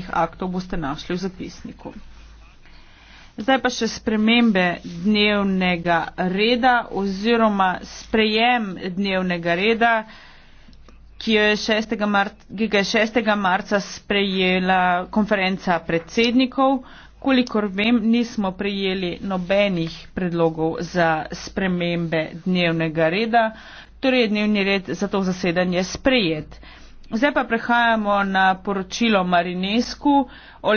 predhodnih aktov boste našli v zapisniku. Zdaj pa še spremembe dnevnega reda oziroma sprejem dnevnega reda, ki jo je 6. Marca, je 6. marca sprejela konferenca predsednikov. Kolikor vem, nismo prejeli nobenih predlogov za spremembe dnevnega reda, torej je dnevni red za to zasedanje sprejet zdaj pa prehajamo na poročilo marinescu o letošnjem delu.